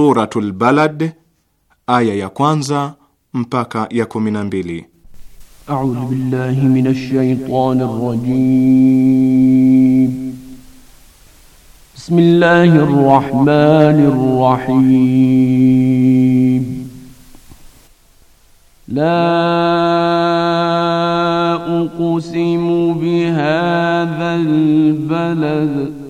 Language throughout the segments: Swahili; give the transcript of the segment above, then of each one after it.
Suratul Balad aya ya kwanza mpaka ya 12. A'udhu billahi minash shaitanir rajim. Bismillahir rahmanir rahim. La uqsimu bihadhal balad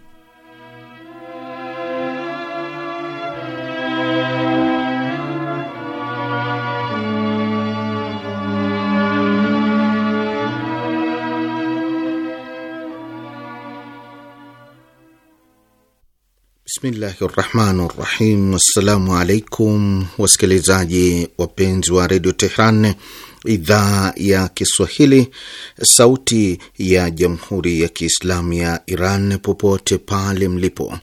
Bismillahi rahmani rahim. Assalamu alaikum wasikilizaji wapenzi wa redio Tehran, idhaa ya Kiswahili, sauti ya jamhuri ya Kiislamu ya Iran, popote pale mlipo.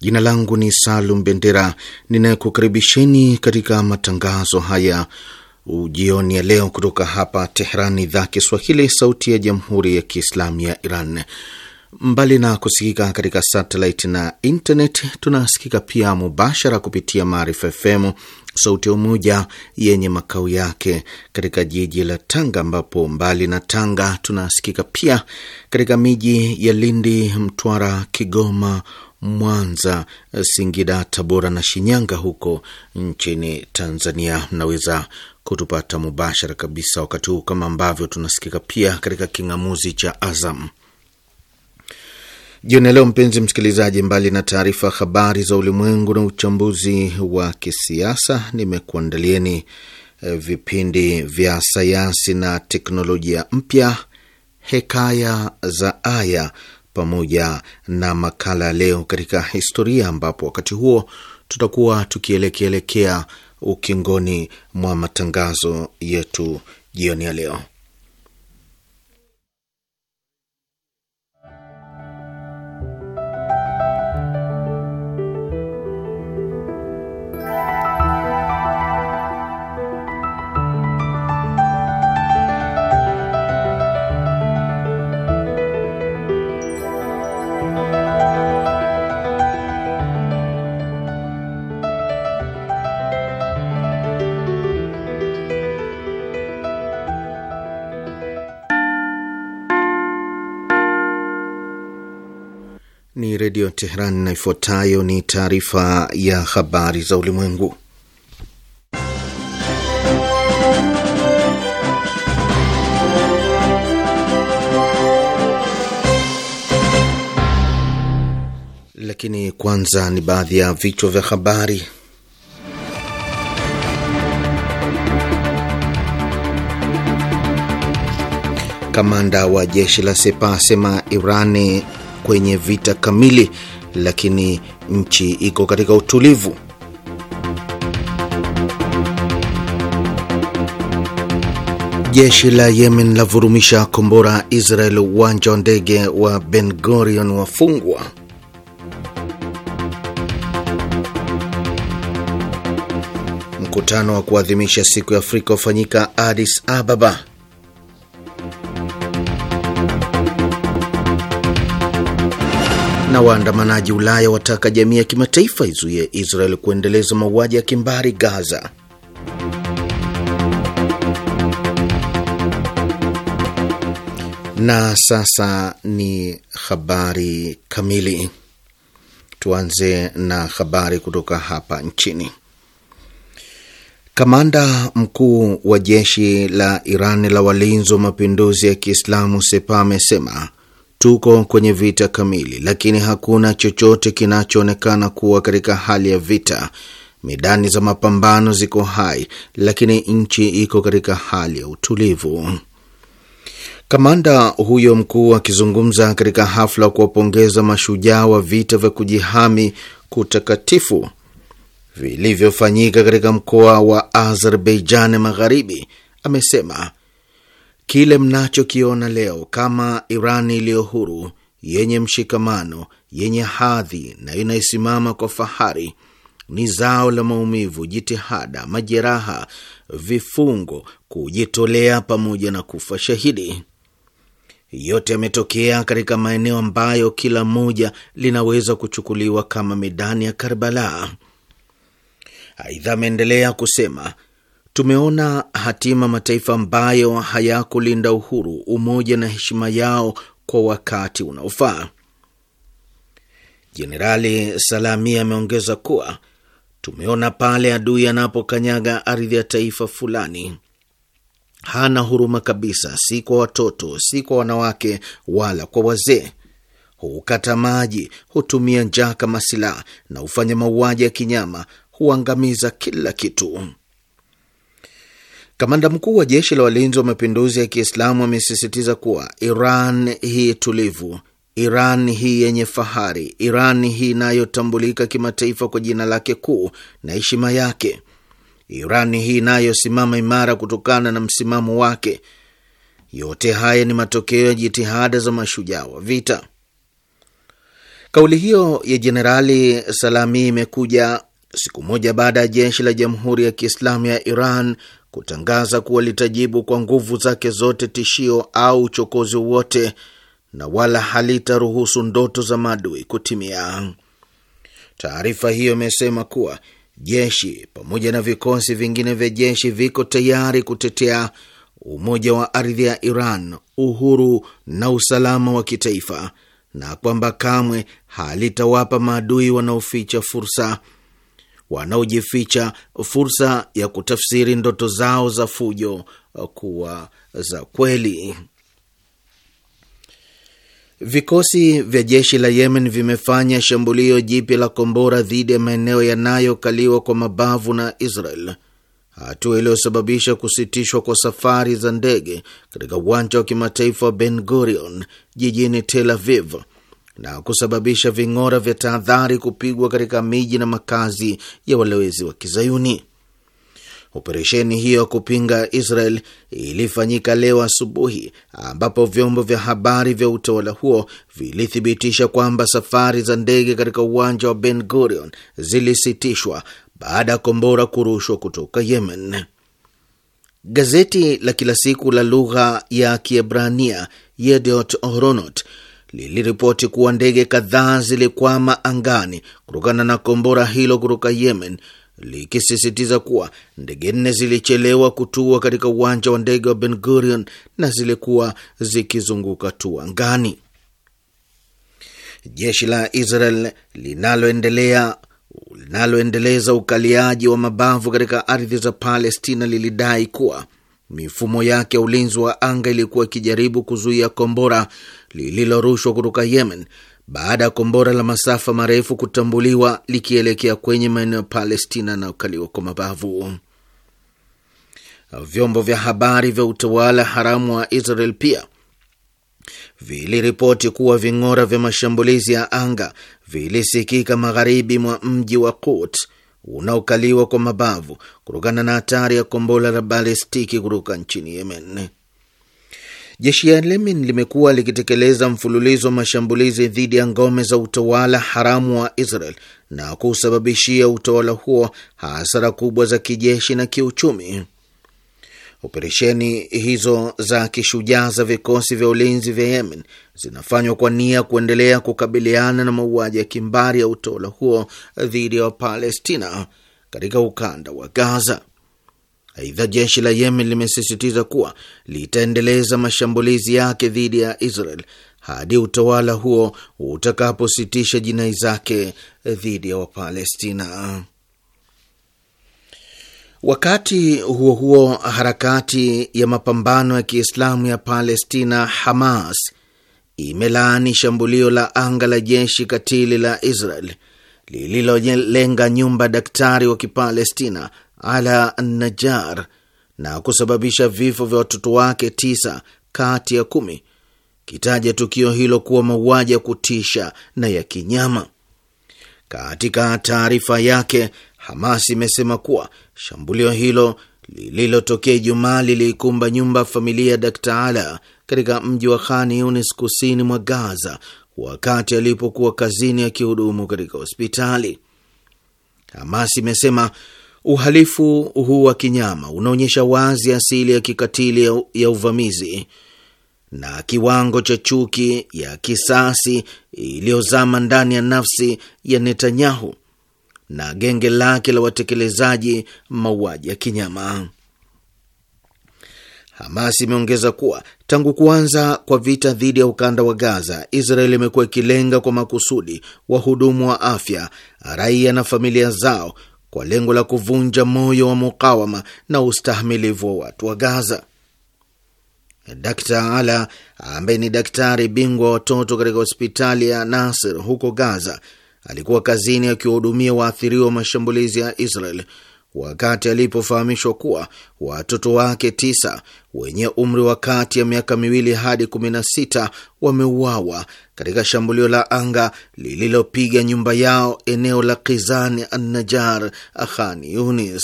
Jina langu ni Salum Bendera ninayekukaribisheni katika matangazo haya ujioni ya leo kutoka hapa Tehran, idhaa Kiswahili, sauti ya jamhuri ya Kiislamu ya Iran. Mbali na kusikika katika satellite na internet, tunasikika pia mubashara kupitia Maarifa FM sauti ya Umoja yenye makao yake katika jiji la Tanga, ambapo mbali na Tanga tunasikika pia katika miji ya Lindi, Mtwara, Kigoma, Mwanza, Singida, Tabora na Shinyanga huko nchini Tanzania. Mnaweza kutupata mubashara kabisa wakati huu, kama ambavyo tunasikika pia katika king'amuzi cha Azam. Jioni ya leo mpenzi msikilizaji, mbali na taarifa habari za ulimwengu na uchambuzi wa kisiasa, nimekuandalieni eh, vipindi vya sayansi na teknolojia mpya, hekaya za aya, pamoja na makala leo katika historia, ambapo wakati huo tutakuwa tukielekeelekea ukingoni mwa matangazo yetu jioni ya leo. Ni Redio Teheran na ifuatayo ni taarifa ya habari za ulimwengu, lakini kwanza ni baadhi ya vichwa vya habari. Kamanda wa jeshi la Sepa asema Irani kwenye vita kamili, lakini nchi iko katika utulivu. Jeshi la Yemen lavurumisha kombora Israel. Uwanja wa ndege wa Ben Gurion wafungwa. Mkutano wa kuadhimisha siku ya Afrika ufanyika Addis Ababa. Na waandamanaji Ulaya wataka jamii ya kimataifa izuie Israel kuendeleza mauaji ya kimbari Gaza. Na sasa ni habari kamili. Tuanze na habari kutoka hapa nchini. Kamanda mkuu wa jeshi la Iran la walinzi wa mapinduzi ya Kiislamu Sepa amesema Tuko kwenye vita kamili, lakini hakuna chochote kinachoonekana kuwa katika hali ya vita. Medani za mapambano ziko hai, lakini nchi iko katika hali ya utulivu. Kamanda huyo mkuu akizungumza katika hafla kuwapongeza mashujaa wa vita vya kujihami kutakatifu vilivyofanyika katika mkoa wa Azerbaijan Magharibi amesema Kile mnachokiona leo kama Iran iliyo huru, yenye mshikamano, yenye hadhi na inayosimama kwa fahari ni zao la maumivu, jitihada, majeraha, vifungo, kujitolea pamoja na kufa shahidi. Yote yametokea katika maeneo ambayo kila moja linaweza kuchukuliwa kama medani ya Karbala. Aidha, ameendelea kusema Tumeona hatima mataifa ambayo hayakulinda uhuru, umoja na heshima yao kwa wakati unaofaa. Jenerali Salami ameongeza kuwa tumeona pale adui anapokanyaga ardhi ya taifa fulani, hana huruma kabisa, si kwa watoto, si kwa wanawake, wala kwa wazee. Hukata maji, hutumia njaa kama silaha na hufanya mauaji ya kinyama, huangamiza kila kitu. Kamanda mkuu wa jeshi la walinzi wa mapinduzi ya Kiislamu amesisitiza kuwa Iran hii tulivu, Iran hii yenye fahari, Iran hii inayotambulika kimataifa kwa jina lake kuu na heshima yake, Iran hii inayosimama imara kutokana na msimamo wake, yote haya ni matokeo ya jitihada za mashujaa wa vita. Kauli hiyo ya Jenerali Salami imekuja siku moja baada ya jeshi la Jamhuri ya Kiislamu ya Iran kutangaza kuwa litajibu kwa nguvu zake zote tishio au uchokozi wowote na wala halitaruhusu ndoto za maadui kutimia. Taarifa hiyo imesema kuwa jeshi pamoja na vikosi vingine vya jeshi viko tayari kutetea umoja wa ardhi ya Iran, uhuru na usalama wa kitaifa, na kwamba kamwe halitawapa maadui wanaoficha fursa wanaojificha fursa ya kutafsiri ndoto zao za fujo kuwa za kweli. Vikosi vya jeshi la Yemen vimefanya shambulio jipya la kombora dhidi ya maeneo yanayokaliwa kwa mabavu na Israel, hatua iliyosababisha kusitishwa kwa safari za ndege katika uwanja wa kimataifa wa Ben Gurion jijini Tel Aviv na kusababisha ving'ora vya tahadhari kupigwa katika miji na makazi ya walowezi wa Kizayuni. Operesheni hiyo ya kupinga Israel ilifanyika leo asubuhi, ambapo vyombo vya habari vya utawala huo vilithibitisha kwamba safari za ndege katika uwanja wa Ben Gurion zilisitishwa baada ya kombora kurushwa kutoka Yemen. Gazeti la kila siku la lugha ya Kiebrania Yediot Ahronot liliripoti kuwa ndege kadhaa zilikwama angani kutokana na kombora hilo kutoka Yemen, likisisitiza kuwa ndege nne zilichelewa kutua katika uwanja wa ndege wa Ben Gurion na zilikuwa zikizunguka tu angani. Jeshi la Israel linaloendelea linaloendeleza ukaliaji wa mabavu katika ardhi za Palestina lilidai kuwa mifumo yake ya ulinzi wa anga ilikuwa ikijaribu kuzuia kombora lililorushwa kutoka Yemen baada ya kombora la masafa marefu kutambuliwa likielekea kwenye maeneo ya Palestina ukaliwa kwa mabavu. Vyombo vya habari vya utawala haramu wa Israel pia viliripoti kuwa ving'ora vya mashambulizi ya anga vilisikika magharibi mwa mji wa Kut unaokaliwa kwa mabavu kutokana na hatari ya kombora la balestiki kutoka nchini Yemen. Jeshi ya Yemen limekuwa likitekeleza mfululizo wa mashambulizi dhidi ya ngome za utawala haramu wa Israel na kusababishia utawala huo hasara kubwa za kijeshi na kiuchumi. Operesheni hizo za kishujaa za vikosi vya ulinzi vya Yemen zinafanywa kwa nia kuendelea kukabiliana na mauaji ya kimbari ya utawala huo dhidi ya Wapalestina katika ukanda wa Gaza. Aidha, jeshi la Yemen limesisitiza kuwa litaendeleza mashambulizi yake dhidi ya Israel hadi utawala huo utakapositisha jinai zake dhidi ya Wapalestina. Wakati huo huo, harakati ya mapambano ya Kiislamu ya Palestina, Hamas, imelaani shambulio la anga la jeshi katili la Israel lililolenga nyumba daktari wa Kipalestina Ala Najar na kusababisha vifo vya watoto wake tisa kati ya kumi, kitaja tukio hilo kuwa mauaji ya kutisha na ya kinyama. Katika taarifa yake, Hamas imesema kuwa shambulio hilo lililotokea Ijumaa liliikumba nyumba ya familia ya Dkt Ala katika mji wa Khan Yunis kusini mwa Gaza wakati alipokuwa kazini akihudumu katika hospitali. Hamas imesema Uhalifu huu wa kinyama unaonyesha wazi asili ya kikatili ya uvamizi na kiwango cha chuki ya kisasi iliyozama ndani ya nafsi ya Netanyahu na genge lake la watekelezaji mauaji ya kinyama. Hamas imeongeza kuwa tangu kuanza kwa vita dhidi ya ukanda wa Gaza, Israel imekuwa ikilenga kwa makusudi wahudumu wa afya, raia na familia zao kwa lengo la kuvunja moyo wa mukawama na ustahimilivu wa watu wa Gaza. Dakta Ala ambaye ni daktari bingwa watoto katika hospitali ya Nasir huko Gaza alikuwa kazini akiwahudumia waathiriwa wa mashambulizi ya Israel wakati alipofahamishwa kuwa watoto wake tisa wenye umri wa kati ya miaka miwili hadi kumi na sita wameuawa katika shambulio la anga lililopiga nyumba yao eneo la Kizani Annajar, Khan Yunis.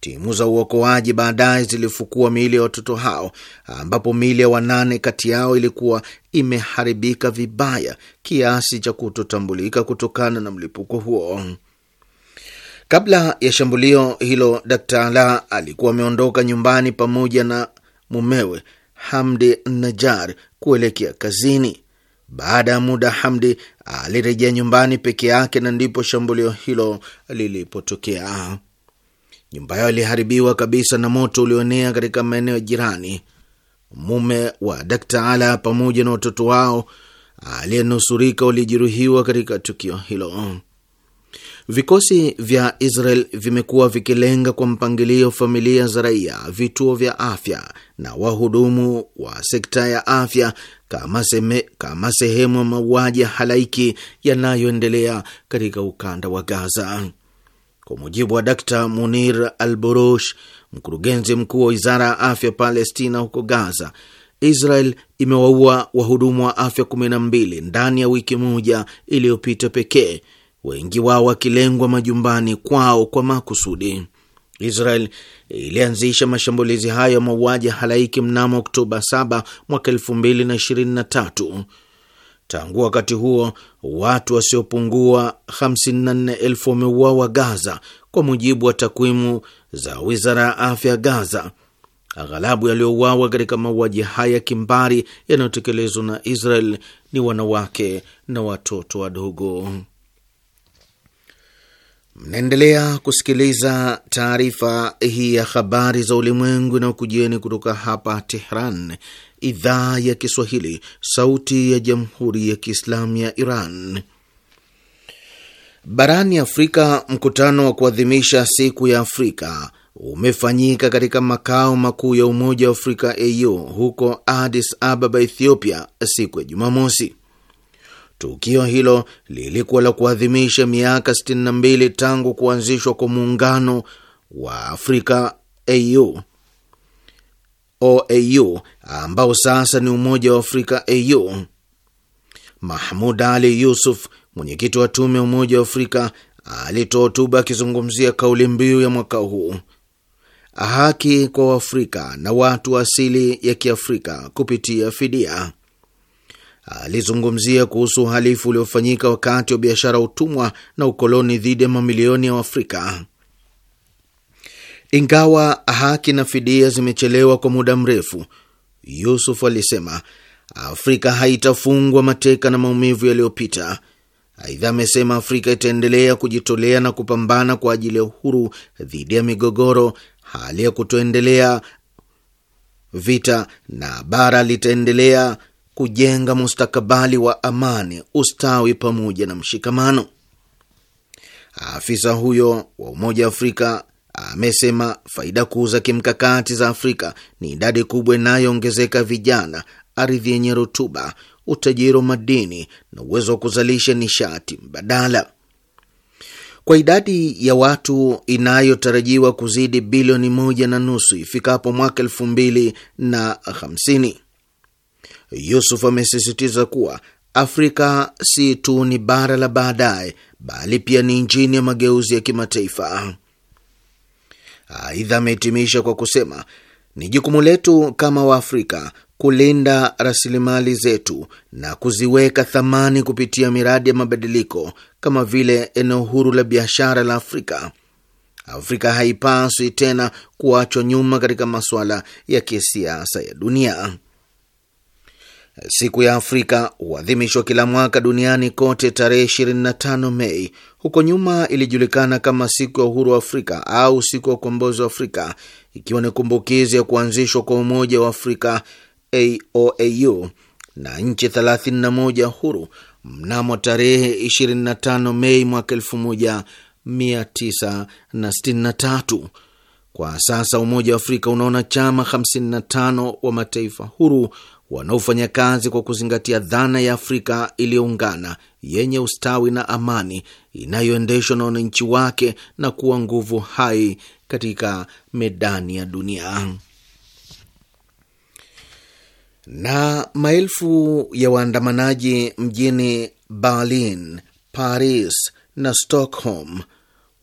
Timu za uokoaji baadaye zilifukua miili ya watoto hao, ambapo miili ya wanane kati yao ilikuwa imeharibika vibaya kiasi cha kutotambulika kutokana na mlipuko huo. Kabla ya shambulio hilo, Dkt Ala alikuwa ameondoka nyumbani pamoja na mumewe Hamdi Najar kuelekea kazini. Baada ya muda, Hamdi alirejea nyumbani peke yake na ndipo shambulio hilo lilipotokea. Nyumba yao iliharibiwa kabisa na moto ulioenea katika maeneo ya jirani. Mume wa Dkt Ala pamoja na watoto wao aliyenusurika walijeruhiwa katika tukio hilo. Vikosi vya Israel vimekuwa vikilenga kwa mpangilio familia za raia, vituo vya afya na wahudumu wa sekta ya afya kama, seme, kama sehemu ya mauaji ya halaiki yanayoendelea katika ukanda wa Gaza. Kwa mujibu wa Dkt Munir Al Burush, mkurugenzi mkuu wa wizara ya afya Palestina huko Gaza, Israel imewaua wahudumu wa afya 12 ndani ya wiki moja iliyopita pekee wengi wao wakilengwa majumbani kwao kwa makusudi. Israel ilianzisha mashambulizi hayo ya mauaji halaiki mnamo Oktoba 7 mwaka 2023. Tangu wakati huo watu wasiopungua 54,000 wameuawa Gaza, kwa mujibu wa takwimu za wizara ya afya Gaza. Aghalabu yaliyouawa katika mauaji haya kimbari yanayotekelezwa na Israel ni wanawake na watoto wadogo. Mnaendelea kusikiliza taarifa hii ya habari za ulimwengu na ukujieni kutoka hapa Tehran, idhaa ya Kiswahili, sauti ya jamhuri ya kiislamu ya Iran. Barani Afrika, mkutano wa kuadhimisha siku ya Afrika umefanyika katika makao makuu ya Umoja wa Afrika AU huko Addis Ababa, Ethiopia, siku ya Jumamosi. Tukio hilo lilikuwa la kuadhimisha miaka 62 tangu kuanzishwa kwa muungano wa Afrika AU OAU ambao sasa ni Umoja wa Afrika AU. Mahmud Ali Yusuf, mwenyekiti wa tume ya Umoja wa Afrika, alitoa hotuba akizungumzia kauli mbiu ya mwaka huu, haki kwa Waafrika na watu wa asili ya Kiafrika kupitia fidia alizungumzia kuhusu uhalifu uliofanyika wakati wa biashara ya utumwa na ukoloni dhidi ya mamilioni ya Waafrika. Ingawa haki na fidia zimechelewa kwa muda mrefu, Yusuf alisema Afrika haitafungwa mateka na maumivu yaliyopita. Aidha amesema Afrika itaendelea kujitolea na kupambana kwa ajili ya uhuru dhidi ya migogoro, hali ya kutoendelea vita, na bara litaendelea kujenga mustakabali wa amani, ustawi pamoja na mshikamano. Afisa huyo wa Umoja wa Afrika amesema faida kuu za kimkakati za Afrika ni idadi kubwa inayoongezeka vijana, ardhi yenye rutuba, utajiri wa madini na uwezo wa kuzalisha nishati mbadala. Kwa idadi ya watu inayotarajiwa kuzidi bilioni moja na nusu ifikapo mwaka elfu mbili na hamsini, Yusuf amesisitiza kuwa Afrika si tu ni bara la baadaye, bali pia ni injini ya mageuzi ya kimataifa. Aidha, amehitimisha kwa kusema ni jukumu letu kama Waafrika kulinda rasilimali zetu na kuziweka thamani kupitia miradi ya mabadiliko kama vile eneo huru la biashara la Afrika. Afrika haipaswi tena kuachwa nyuma katika masuala ya kisiasa ya dunia. Siku ya Afrika huadhimishwa kila mwaka duniani kote tarehe 25 Mei. Huko nyuma ilijulikana kama siku ya uhuru wa Afrika au siku ya ukombozi wa Afrika, ikiwa ni kumbukizi ya kuanzishwa kwa Umoja wa Afrika AOAU na nchi 31 huru mnamo tarehe 25 Mei mwaka 1963. Kwa sasa Umoja wa Afrika unaona chama 55 wa mataifa huru wanaofanya kazi kwa kuzingatia dhana ya Afrika iliyoungana yenye ustawi na amani inayoendeshwa na wananchi wake na kuwa nguvu hai katika medani ya dunia. Na maelfu ya waandamanaji mjini Berlin, Paris na Stockholm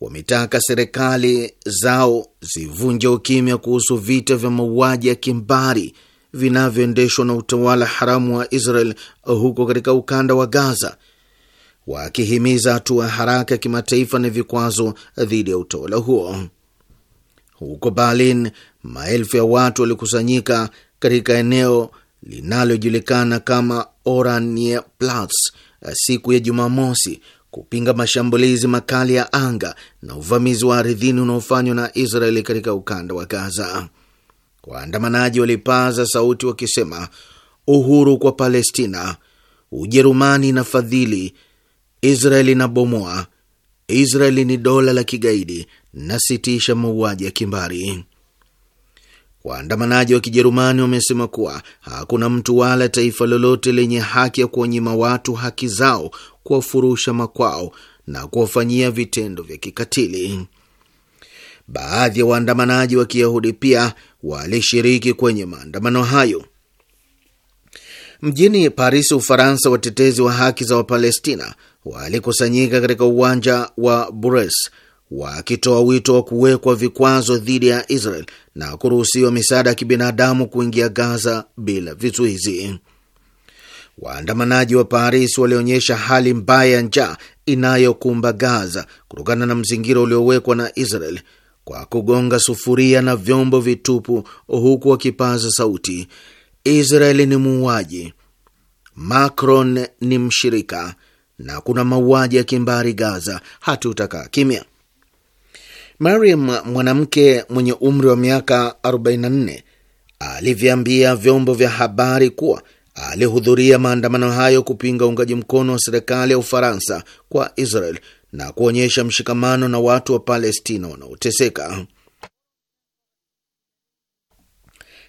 wametaka serikali zao zivunje ukimya kuhusu vita vya mauaji ya kimbari vinavyoendeshwa na utawala haramu wa Israel huko katika ukanda wa Gaza, wakihimiza hatua haraka ya kimataifa na vikwazo dhidi ya utawala huo. Huko Berlin, maelfu ya watu walikusanyika katika eneo linalojulikana kama Oranje siku ya Jumamosi kupinga mashambulizi makali ya anga na uvamizi wa ardhini unaofanywa na Israeli katika ukanda wa Gaza waandamanaji walipaza sauti wakisema uhuru kwa Palestina, Ujerumani na fadhili, Israeli na bomoa, Israeli ni dola la kigaidi na sitisha mauaji ya kimbari. Waandamanaji wa Kijerumani wamesema kuwa hakuna mtu wala taifa lolote lenye haki ya kuwanyima watu haki zao, kuwafurusha makwao na kuwafanyia vitendo vya kikatili. Baadhi ya waandamanaji wa Kiyahudi pia walishiriki kwenye maandamano hayo. Mjini Paris, Ufaransa, watetezi wa haki za Wapalestina walikusanyika katika uwanja wa Bures wakitoa wito wa kuwekwa vikwazo dhidi ya Israel na kuruhusiwa misaada ya kibinadamu kuingia Gaza bila vizuizi. Waandamanaji wa Paris walionyesha hali mbaya ya njaa inayokumba Gaza kutokana na mzingira uliowekwa na Israel kwa kugonga sufuria na vyombo vitupu, huku wakipaza sauti, Israeli ni muuaji, Macron ni mshirika na kuna mauaji ya kimbari Gaza, hatutakaa kimya. Mariam, mwanamke mwenye umri wa miaka 44, alivyambia vyombo vya habari kuwa alihudhuria maandamano hayo kupinga uungaji mkono wa serikali ya Ufaransa kwa Israel na kuonyesha mshikamano na watu wa Palestina wanaoteseka.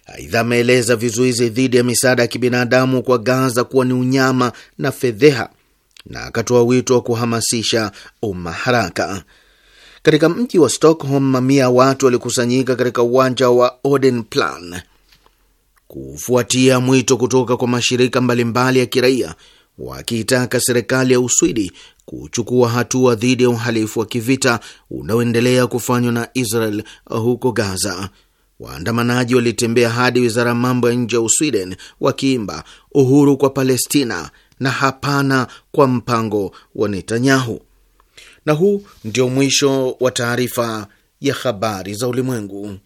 Aidha, ameeleza vizuizi dhidi ya misaada ya kibinadamu kwa Gaza kuwa ni unyama na fedheha, na akatoa wito wa kuhamasisha umma haraka. Katika mji wa Stockholm, mamia ya watu walikusanyika katika uwanja wa Odenplan kufuatia mwito kutoka kwa mashirika mbalimbali ya kiraia wakiitaka serikali ya Uswidi kuchukua hatua dhidi ya uhalifu wa kivita unaoendelea kufanywa na Israel huko Gaza. Waandamanaji walitembea hadi wizara ya mambo ya nje ya Usweden wakiimba uhuru kwa Palestina na hapana kwa mpango wa Netanyahu. Na huu ndio mwisho wa taarifa ya habari za ulimwengu.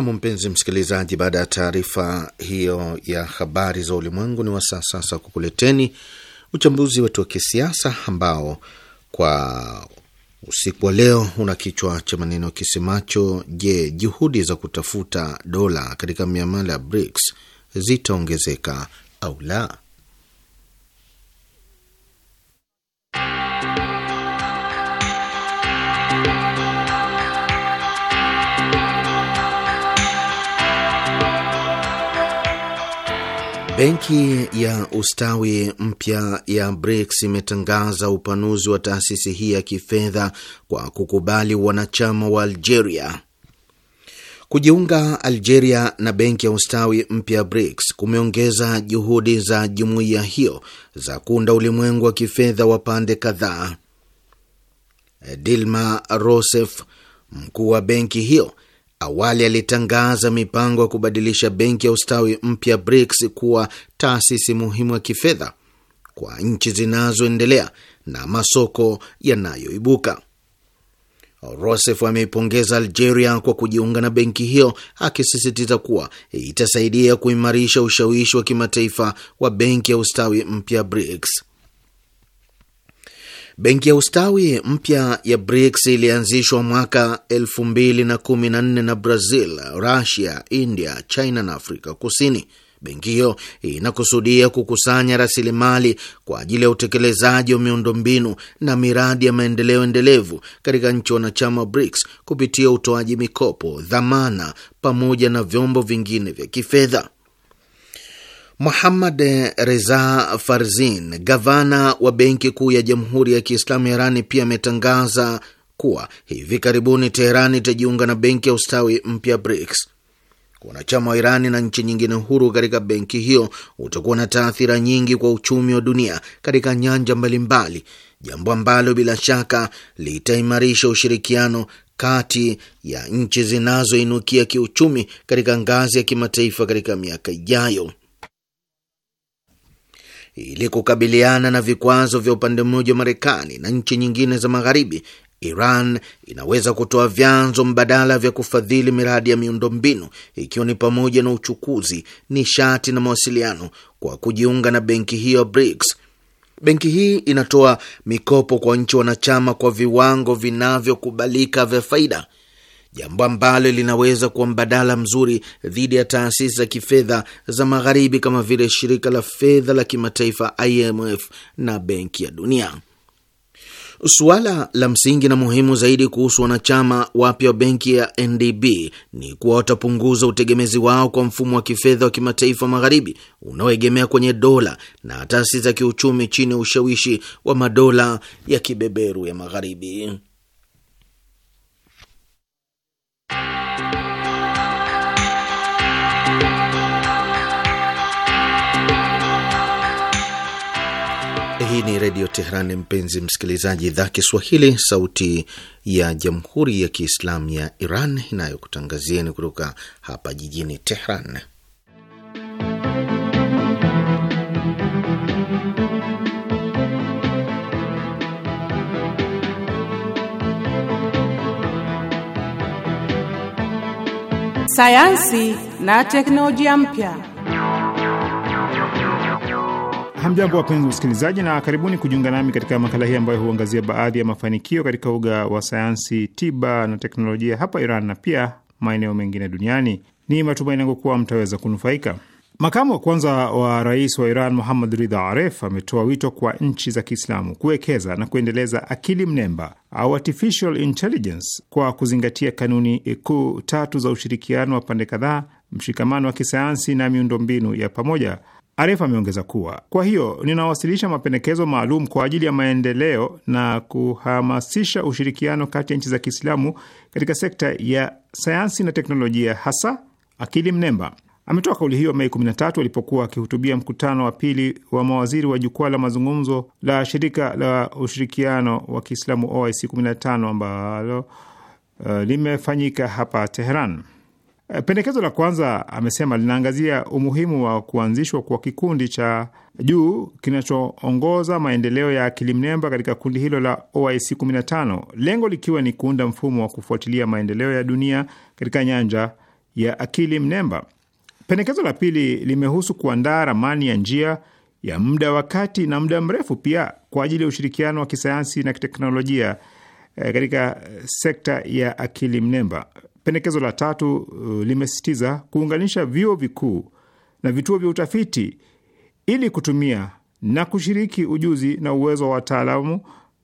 Nam, mpenzi msikilizaji, baada ya taarifa hiyo ya habari za ulimwengu, ni wasaa sasa kukuleteni uchambuzi wetu wa kisiasa ambao kwa usiku wa leo una kichwa cha maneno kisemacho: Je, juhudi za kutafuta dola katika miamala ya BRICS zitaongezeka au la? Benki ya ustawi mpya ya BRICS imetangaza upanuzi wa taasisi hii ya kifedha kwa kukubali wanachama wa Algeria. Kujiunga Algeria na benki ya ustawi mpya BRICS kumeongeza juhudi za jumuiya hiyo za kuunda ulimwengu wa kifedha wa pande kadhaa. Dilma Rousseff, mkuu wa benki hiyo Awali alitangaza mipango ya kubadilisha benki ya ustawi mpya BRICS kuwa taasisi muhimu ya kifedha kwa nchi zinazoendelea na masoko yanayoibuka. Rossef ameipongeza Algeria kwa kujiunga na benki hiyo, akisisitiza kuwa itasaidia kuimarisha ushawishi wa kimataifa wa benki ya ustawi mpya BRICS. Benki ya ustawi mpya ya BRICS ilianzishwa mwaka 2014 na Brazil, Russia, India, China na Afrika Kusini. Benki hiyo inakusudia kukusanya rasilimali kwa ajili ya utekelezaji wa miundombinu na miradi ya maendeleo endelevu katika nchi wanachama BRICS kupitia utoaji mikopo, dhamana pamoja na vyombo vingine vya kifedha. Muhammad Reza Farzin, gavana wa Benki Kuu ya Jamhuri ya Kiislamu ya Irani, pia ametangaza kuwa hivi karibuni Teheran itajiunga na benki ya ustawi mpya BRICS. Wanachama wa Irani na nchi nyingine huru katika benki hiyo utakuwa na taathira nyingi kwa uchumi wa dunia katika nyanja mbalimbali, jambo ambalo bila shaka litaimarisha ushirikiano kati ya nchi zinazoinukia kiuchumi katika ngazi ya kimataifa katika miaka ijayo ili kukabiliana na vikwazo vya upande mmoja wa Marekani na nchi nyingine za Magharibi, Iran inaweza kutoa vyanzo mbadala vya kufadhili miradi ya miundombinu ikiwa ni pamoja na uchukuzi, nishati na mawasiliano kwa kujiunga na benki hiyo BRICS. Benki hii inatoa mikopo kwa nchi wanachama kwa viwango vinavyokubalika vya faida jambo ambalo linaweza kuwa mbadala mzuri dhidi ya taasisi za kifedha za magharibi kama vile shirika la fedha la kimataifa IMF na Benki ya Dunia. Suala la msingi na muhimu zaidi kuhusu wanachama wapya wa benki ya NDB ni kuwa watapunguza utegemezi wao kwa mfumo wa kifedha wa kimataifa magharibi unaoegemea kwenye dola na taasisi za kiuchumi chini ya ushawishi wa madola ya kibeberu ya magharibi. Hii ni Redio Tehran, mpenzi msikilizaji, idhaa Kiswahili, sauti ya Jamhuri ya Kiislamu ya Iran inayokutangazieni kutoka hapa jijini Tehran. Sayansi na teknolojia mpya. Hamjambo, wapenzi wasikilizaji, na karibuni kujiunga nami katika makala hii ambayo huangazia baadhi ya mafanikio katika uga wa sayansi, tiba na teknolojia hapa Iran na pia maeneo mengine duniani. Ni matumaini yangu kuwa mtaweza kunufaika. Makamu wa kwanza wa rais wa Iran Muhammad Ridha Aref ametoa wito kwa nchi za Kiislamu kuwekeza na kuendeleza akili mnemba au artificial intelligence kwa kuzingatia kanuni kuu tatu za ushirikiano wa pande kadhaa, mshikamano wa kisayansi na miundombinu ya pamoja arif ameongeza kuwa kwa hiyo ninawasilisha mapendekezo maalum kwa ajili ya maendeleo na kuhamasisha ushirikiano kati ya nchi za Kiislamu katika sekta ya sayansi na teknolojia, hasa akili mnemba. Ametoa kauli hiyo Mei 13 alipokuwa akihutubia mkutano wa pili wa mawaziri wa jukwaa la mazungumzo la shirika la ushirikiano wa Kiislamu OIC 15 ambalo uh, limefanyika hapa Teheran. Eh, pendekezo la kwanza, amesema, linaangazia umuhimu wa kuanzishwa kwa kikundi cha juu kinachoongoza maendeleo ya akili mnemba katika kundi hilo la OIC 15, lengo likiwa ni kuunda mfumo wa kufuatilia maendeleo ya dunia katika nyanja ya akili mnemba. Pendekezo la pili limehusu kuandaa ramani ya njia ya muda wa kati na muda mrefu pia kwa ajili ya ushirikiano wa kisayansi na kiteknolojia eh, katika sekta ya akili mnemba. Pendekezo la tatu uh, limesisitiza kuunganisha vyuo vikuu na vituo vya utafiti ili kutumia na kushiriki ujuzi na uwezo wa wataalamu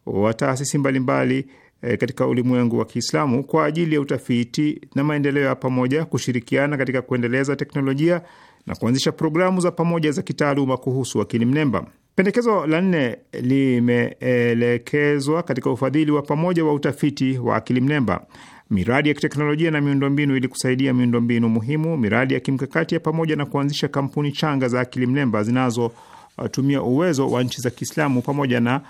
wa taasisi mbalimbali eh, katika ulimwengu wa Kiislamu kwa ajili ya utafiti na maendeleo ya pamoja, kushirikiana katika kuendeleza teknolojia na kuanzisha programu za pamoja za kitaaluma kuhusu akili mnemba. Pendekezo la nne limeelekezwa katika ufadhili wa pamoja wa utafiti wa akili mnemba miradi ya kiteknolojia na miundombinu ili kusaidia miundombinu muhimu, miradi ya kimkakati ya pamoja na kuanzisha kampuni changa za akili mnemba zinazotumia uwezo wa nchi za Kiislamu pamoja na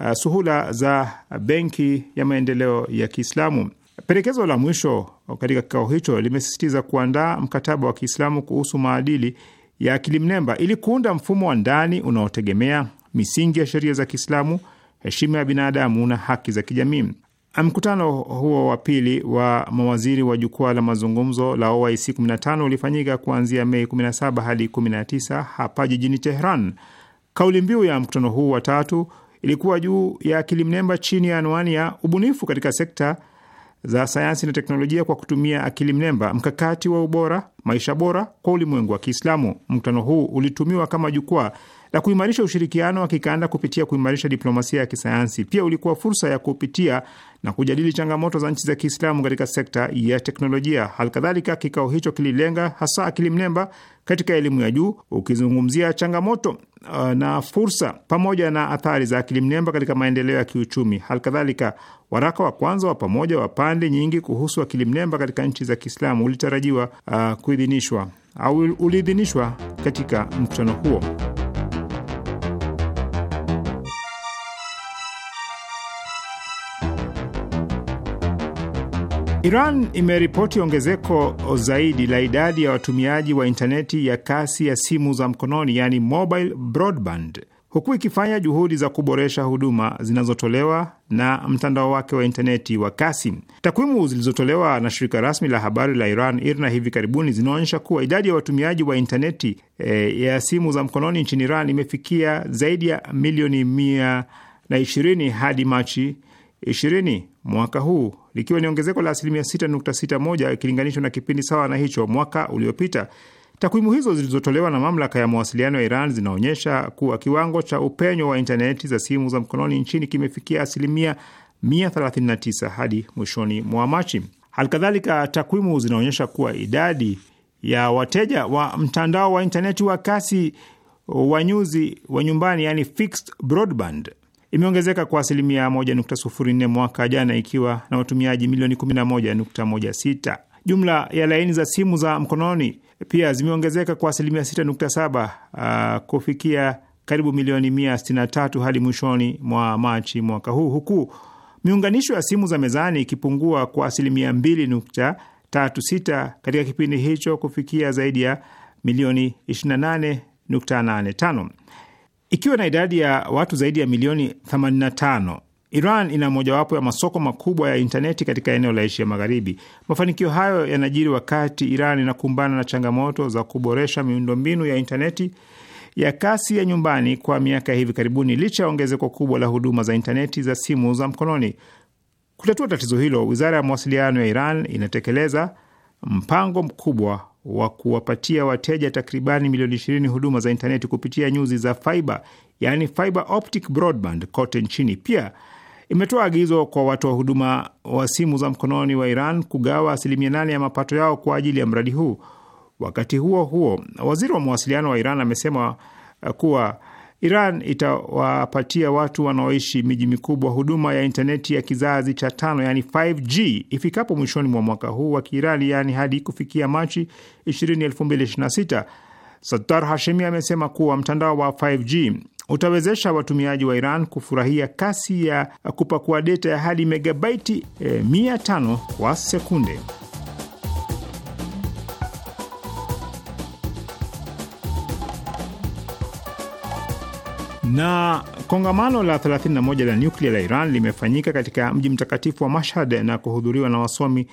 uh, suhula za benki ya maendeleo ya Kiislamu. Pendekezo la mwisho katika kikao hicho limesisitiza kuandaa mkataba wa Kiislamu kuhusu maadili ya akili mnemba ili kuunda mfumo wa ndani unaotegemea misingi ya sheria za Kiislamu, heshima ya binadamu na haki za kijamii. Ah, mkutano huo wa pili wa mawaziri wa jukwaa la mazungumzo la OIC 15 ulifanyika kuanzia Mei 17 hadi 19 hapa jijini Tehran. Kauli mbiu ya mkutano huu wa tatu ilikuwa juu ya akili mnemba chini ya anwani ya ubunifu katika sekta za sayansi na teknolojia kwa kutumia akili mnemba, mkakati wa ubora maisha bora kwa ulimwengu wa Kiislamu. Mkutano huu ulitumiwa kama jukwaa la kuimarisha ushirikiano wa kikanda kupitia kuimarisha diplomasia ya kisayansi. Pia ulikuwa fursa ya kupitia na kujadili changamoto za nchi za Kiislamu katika sekta ya teknolojia. Halikadhalika, kikao hicho kililenga hasa akili mnemba katika elimu ya juu, ukizungumzia changamoto uh, na fursa pamoja na athari za akili mnemba katika maendeleo ya kiuchumi. Halikadhalika, waraka wa kwanza wa pamoja wa pande nyingi kuhusu akili mnemba katika nchi za Kiislamu ulitarajiwa uh, yaliyoidhinishwa au uliidhinishwa katika mkutano huo. Iran imeripoti ongezeko zaidi la idadi ya watumiaji wa intaneti ya kasi ya simu za mkononi, yani mobile broadband, huku ikifanya juhudi za kuboresha huduma zinazotolewa na mtandao wake wa intaneti wa kasi. Takwimu zilizotolewa na shirika rasmi la habari la Iran IRNA hivi karibuni zinaonyesha kuwa idadi ya watumiaji wa intaneti e, eh, ya simu za mkononi nchini Iran imefikia zaidi ya milioni mia na ishirini hadi Machi ishirini mwaka huu likiwa ni ongezeko la asilimia 6.61 ikilinganishwa na kipindi sawa na hicho mwaka uliopita. Takwimu hizo zilizotolewa na mamlaka ya mawasiliano ya Iran zinaonyesha kuwa kiwango cha upenyo wa intaneti za simu za mkononi nchini kimefikia asilimia 139 hadi mwishoni mwa Machi. Halikadhalika, takwimu zinaonyesha kuwa idadi ya wateja wa mtandao wa intaneti wa kasi wa nyuzi wa nyumbani, yani fixed broadband, imeongezeka kwa asilimia 1.04 mwaka jana, ikiwa na watumiaji milioni 11.16. Jumla ya laini za simu za mkononi pia zimeongezeka kwa asilimia 6.7 uh, kufikia karibu milioni 163 hadi mwishoni mwa Machi mwaka huu, huku miunganisho ya simu za mezani ikipungua kwa asilimia 2.36 katika kipindi hicho kufikia zaidi ya milioni 28.85 ikiwa na idadi ya watu zaidi ya milioni 85. Iran ina mojawapo ya masoko makubwa ya intaneti katika eneo la Asia Magharibi. Mafanikio hayo yanajiri wakati Iran inakumbana na changamoto za kuboresha miundombinu ya intaneti ya kasi ya nyumbani kwa miaka ya hivi karibuni, licha ya ongezeko kubwa la huduma za intaneti za simu za mkononi. Kutatua tatizo hilo, wizara ya mawasiliano ya Iran inatekeleza mpango mkubwa wa kuwapatia wateja takribani milioni 20 huduma za intaneti kupitia nyuzi za faiba, yani fiber optic broadband kote nchini. Pia imetoa agizo kwa watoa huduma wa simu za mkononi wa Iran kugawa asilimia nane ya mapato yao kwa ajili ya mradi huu. Wakati huo huo, waziri wa mawasiliano wa Iran amesema kuwa Iran itawapatia watu wanaoishi miji mikubwa huduma ya intaneti ya kizazi cha tano, yani 5G ifikapo mwishoni mwa mwaka huu wa Kiirani, yani hadi kufikia Machi 20, 2026. Sattar Hashemi amesema kuwa mtandao wa 5G utawezesha watumiaji wa Iran kufurahia kasi ya kupakua deta ya hadi megabaiti e, 5 kwa sekunde. na kongamano la 31 la nyuklia la Iran limefanyika katika mji mtakatifu wa Mashhad na kuhudhuriwa na wasomi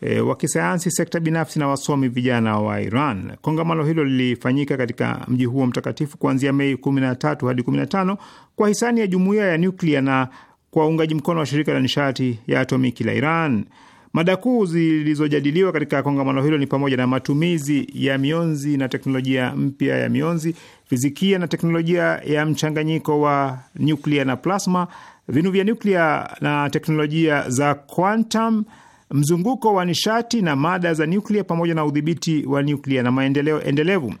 e, wa kisayansi, sekta binafsi na wasomi vijana wa Iran. Kongamano hilo lilifanyika katika mji huo mtakatifu kuanzia Mei 13 hadi 15 kwa hisani ya jumuiya ya nuklia na kwa uungaji mkono wa shirika la nishati ya atomiki la Iran. Mada kuu zilizojadiliwa katika kongamano hilo ni pamoja na matumizi ya mionzi na teknolojia mpya ya mionzi, fizikia na teknolojia ya mchanganyiko wa nyuklia na plasma, vinu vya nyuklia na teknolojia za quantum mzunguko wa nishati na mada za nyuklia pamoja na udhibiti wa nyuklia na maendeleo endelevu.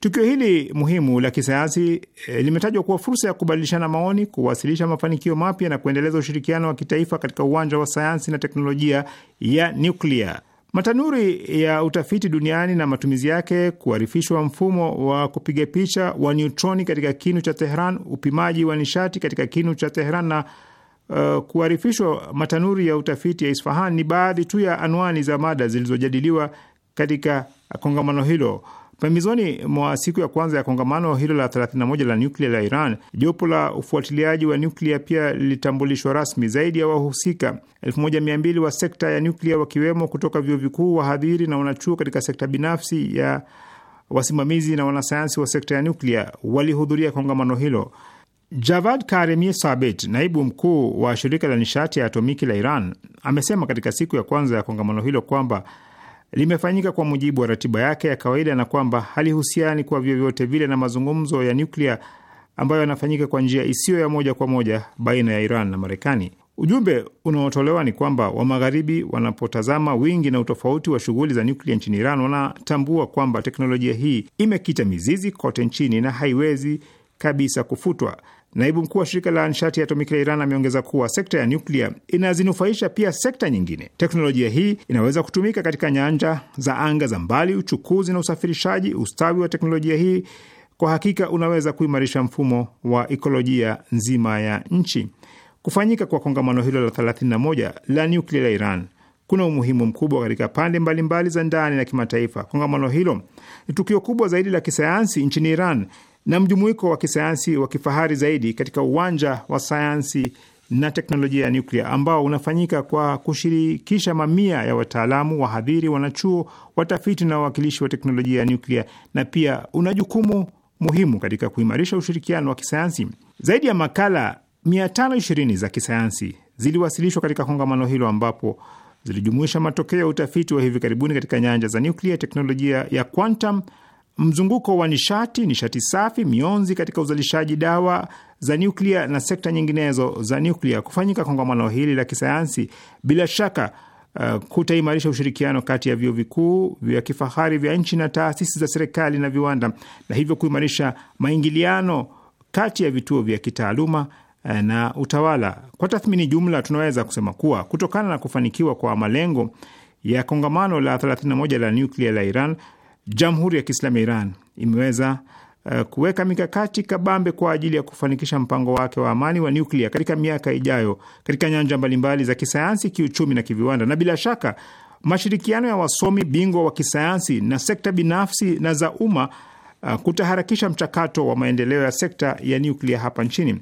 Tukio hili muhimu la kisayansi e, limetajwa kuwa fursa ya kubadilishana maoni, kuwasilisha mafanikio mapya na kuendeleza ushirikiano wa kitaifa katika uwanja wa sayansi na teknolojia ya nyuklia. Matanuri ya utafiti duniani na matumizi yake, kuharifishwa mfumo wa kupiga picha wa neutroni katika kinu cha Tehran, upimaji wa nishati katika kinu cha Tehran na uh, kuharifishwa matanuri ya utafiti ya Isfahan ni baadhi tu ya anwani za mada zilizojadiliwa katika kongamano hilo. Pembezoni mwa siku ya kwanza ya kongamano hilo la 31 la nyuklia la Iran, jopo la ufuatiliaji wa nyuklia pia lilitambulishwa rasmi. Zaidi ya wahusika 1200 wa sekta ya nyuklia, wakiwemo kutoka vyuo vikuu, wahadhiri na wanachuo katika sekta binafsi ya wasimamizi na wanasayansi wa sekta ya nyuklia walihudhuria kongamano hilo. Javad Karemi Sabit, naibu mkuu wa shirika la nishati ya atomiki la Iran, amesema katika siku ya kwanza ya kongamano hilo kwamba limefanyika kwa mujibu wa ratiba yake ya kawaida na kwamba halihusiani kwa vyovyote vile na mazungumzo ya nyuklia ambayo yanafanyika kwa njia isiyo ya moja kwa moja baina ya Iran na Marekani. Ujumbe unaotolewa ni kwamba wa Magharibi wanapotazama wingi na utofauti wa shughuli za nyuklia nchini Iran, wanatambua kwamba teknolojia hii imekita mizizi kote nchini na haiwezi kabisa kufutwa. Naibu mkuu wa shirika la nishati ya atomiki la Iran ameongeza kuwa sekta ya nyuklia inazinufaisha pia sekta nyingine. Teknolojia hii inaweza kutumika katika nyanja za anga za mbali, uchukuzi na usafirishaji. Ustawi wa teknolojia hii kwa hakika unaweza kuimarisha mfumo wa ikolojia nzima ya nchi. Kufanyika kwa kongamano hilo la 31 la nyuklia la Iran kuna umuhimu mkubwa katika pande mbalimbali za ndani na kimataifa. Kongamano hilo ni tukio kubwa zaidi la kisayansi nchini Iran na mjumuiko wa kisayansi wa kifahari zaidi katika uwanja wa sayansi na teknolojia ya nyuklia ambao unafanyika kwa kushirikisha mamia ya wataalamu, wahadhiri, wanachuo, watafiti na wawakilishi wa teknolojia ya nyuklia, na pia una jukumu muhimu katika kuimarisha ushirikiano wa kisayansi. Zaidi ya makala 520 za kisayansi ziliwasilishwa katika kongamano hilo ambapo zilijumuisha matokeo ya utafiti wa hivi karibuni katika nyanja za nyuklia, teknolojia ya quantum mzunguko wa nishati, nishati safi, mionzi katika uzalishaji dawa za nyuklia na sekta nyinginezo za nyuklia. Kufanyika kongamano hili la kisayansi bila shaka uh, kutaimarisha ushirikiano kati ya vyuo vikuu vya kifahari vya nchi na taasisi za serikali na viwanda, na hivyo kuimarisha maingiliano kati ya vituo vya kitaaluma uh, na utawala. Kwa tathmini jumla, tunaweza kusema kuwa kutokana na kufanikiwa kwa malengo ya kongamano la 31 la nyuklia la Iran Jamhuri ya Kiislamu ya Iran imeweza uh, kuweka mikakati kabambe kwa ajili ya kufanikisha mpango wake wa amani wa nyuklia katika miaka ijayo katika nyanja mbalimbali za kisayansi, kiuchumi na kiviwanda, na bila shaka mashirikiano ya wasomi bingwa wa kisayansi na sekta binafsi na za umma uh, kutaharakisha mchakato wa maendeleo ya sekta ya nyuklia hapa nchini.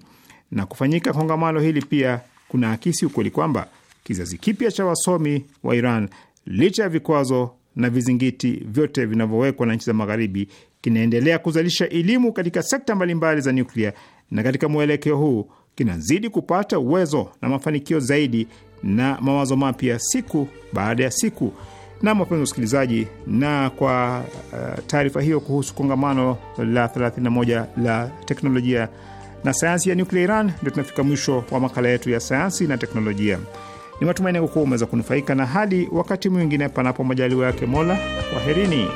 Na kufanyika kongamano hili pia kuna akisi ukweli kwamba kizazi kipya cha wasomi wa Iran licha ya vikwazo na vizingiti vyote vinavyowekwa na nchi za Magharibi kinaendelea kuzalisha elimu katika sekta mbalimbali za nyuklia, na katika mwelekeo huu kinazidi kupata uwezo na mafanikio zaidi na mawazo mapya siku baada ya siku. Na wapenzi wasikilizaji, na kwa uh, taarifa hiyo kuhusu kongamano la 31 la teknolojia na sayansi ya nyuklia Iran, ndio tunafika mwisho wa makala yetu ya sayansi na teknolojia. Ni matumaini kuwa umeweza kunufaika na. Hadi wakati mwingine, panapo majaliwa yake Mola, kwaherini.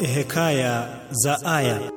Hekaya za Aya.